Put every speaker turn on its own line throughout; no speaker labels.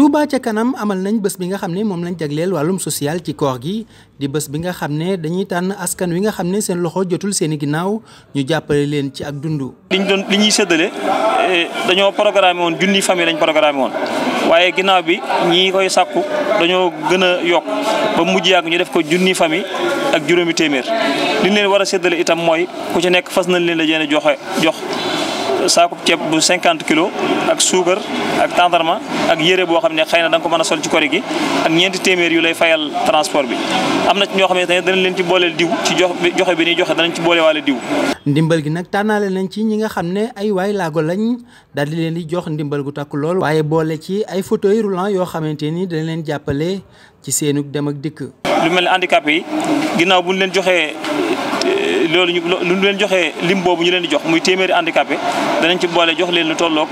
Touba ca kanam amal nañ bës bi nga xam ne moom lañ jagleel wàllum social ci koor gi di bës bi nga xam ne dañuy tànn askan wi nga xam ne seen loxo jotul seen i ginnaaw ñu jàppale leen ci ak dund. liñ doon li ñuy séddale
eh, dañoo programmé woon junni fami lañ programmé woon waaye ginnaaw bi ñi koy sàkku dañoo gën a yokk ba mujj yàgg ñu def ko junni famille ak juróomi téeméer liñ leen war a séddale itam mooy ku ci nekk fas nañ leen la yéen a joxe jox. saakub ceeb bu 50 kilos ak suukar ak tàndarma ak yére boo xam ne xëy na da ko mën a sol ci kori gi ak ñeenti téeméer yu lay fayal transport bi am na ci ñoo xam ne danañ leen ci booleel diw ci joxe bi ni joxe danañ ci boolewaale diw.
ndimbal gi nag tànnaale nañ ci ñi nga xam ne ay waay laago lañ daal di leen di jox ndimbal gu takku lool. waaye boole ci ay fauteuil roulant yoo xamante ni dañ leen jàppale ci seenu dem ak dikk.
lu mel ne handicapé yi ginnaaw bu ñu leen joxee loolu ñu lu ñu leen joxe lim boobu ñu leen di jox muy téeméeri handicapé danañ ci boole jox leen lu tolloog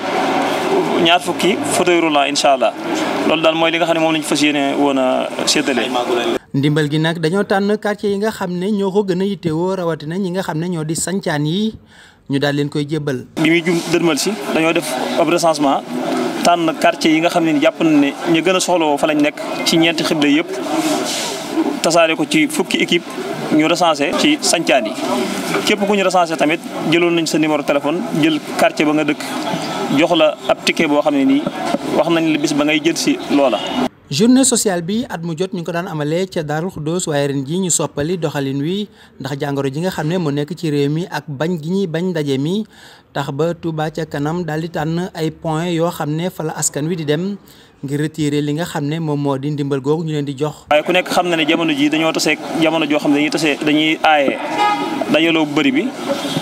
ñaar fukki fauteuil roulant incha allah loolu daal mooy li nga xam ne moom lañu fas yéene woon a séddale.
gi nag dañoo tànn quartier yi nga xam ne ñoo ko gën a yittewoo rawatina ñi nga xam ne ñoo di sancaan yi ñu daal leen koy jëbal
bi muy jum dërmal si dañoo def ab recensement tànn quartier yi nga xam ne jàpp na ne ñu gën a soxlawoo fa lañ nekk ci ñeenti xible yëpp tasaare ko ci fukki équipe. ñu recensé ci sancaan yi képp ku ñu recensé tamit jëloon nañ sa numéro téléphone jël quartier ba nga dëkk jox la ab ticket boo xam ne nii wax nañ la bis ba ngay jël si loola.
journée sociale bi at mu jot ñu ko daan amalee ca Darou Khoudoss waaye ren jii ñu soppali doxalin wi ndax jàngoro ji nga xam ne mu nekk ci réew mi ak bañ gi ñuy bañ ndaje mi tax ba Touba ca kanam daal di tànn ay points yoo xam ne fala askan wi di dem ngir retirer li nga xam ne moom moo di ndimbal googu ñu leen di jox.
waaye ku nekk xam na ne jamono ji dañoo taseeg jamono joo xam ne dañuy tasee dañuy aaye dajaloo bu bëri bi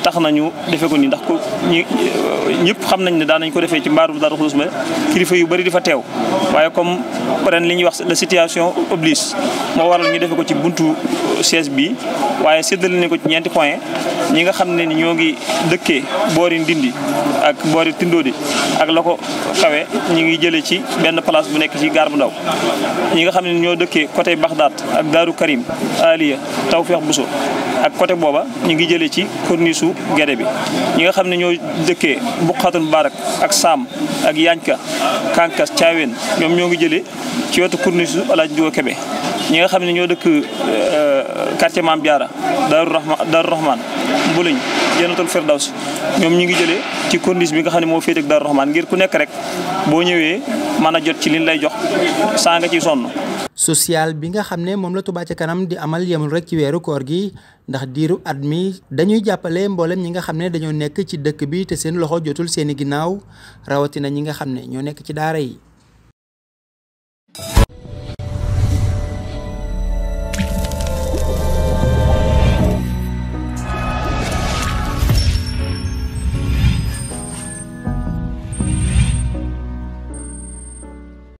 tax nañu defe ko nii ndax ko ñi ñëpp xam nañ ne daan nañ ko defee ci mbaarum Daaru Xudoos ma kilifa yu bëri di fa teew waaye comme ren li ñuy wax la situation oblige moo waral ñu defe ko ci buntu. siège bi waaye séddale nañ ko ci ñeenti point ñi nga xam ne ni ñoo ngi dëkkee boori Ndindi ak boori Tindodi ak la ko kawe ñi ngi jëlee ci benn place bu nekk ci gaar bu ndaw ñi nga xam ne ñoo dëkkee côté Baxdaat ak Daaru Karim Aliya Tawfeex Buso ak côté booba ñu ngi jëlee ci corniche su bi ñi nga xam ne ñoo dëkkee Buqatul Barak ak Saam ak Yañka Kankas Caaween ñoom ñoo ngi jëlee ci wetu corniche su Alaaji Jóob Kebe ñi nga xam ne ñoo dëkk euh, quartier Maam Diarra Daaru Rahma Daaru Rahman Mbuluñ Jannatul Firdaws ñoom ñu ngi jëlee ci corniche bi nga xam ne moo féete ak Daaru Rahman ku nekk rek boo ñëwee mën a jot ci liñ lay jox saa nga
ciy sonn. bi nga xam ne moom la Touba ca kanam di amal yemul rek ci weeru koor gi ndax diiru at mi dañuy jàppale mboolem ñi nga xam ne dañoo nekk ci dëkk bi te seen loxo jotul seeni ginnaaw rawatina ñi nga xam ne ñoo nekk ci daara yi.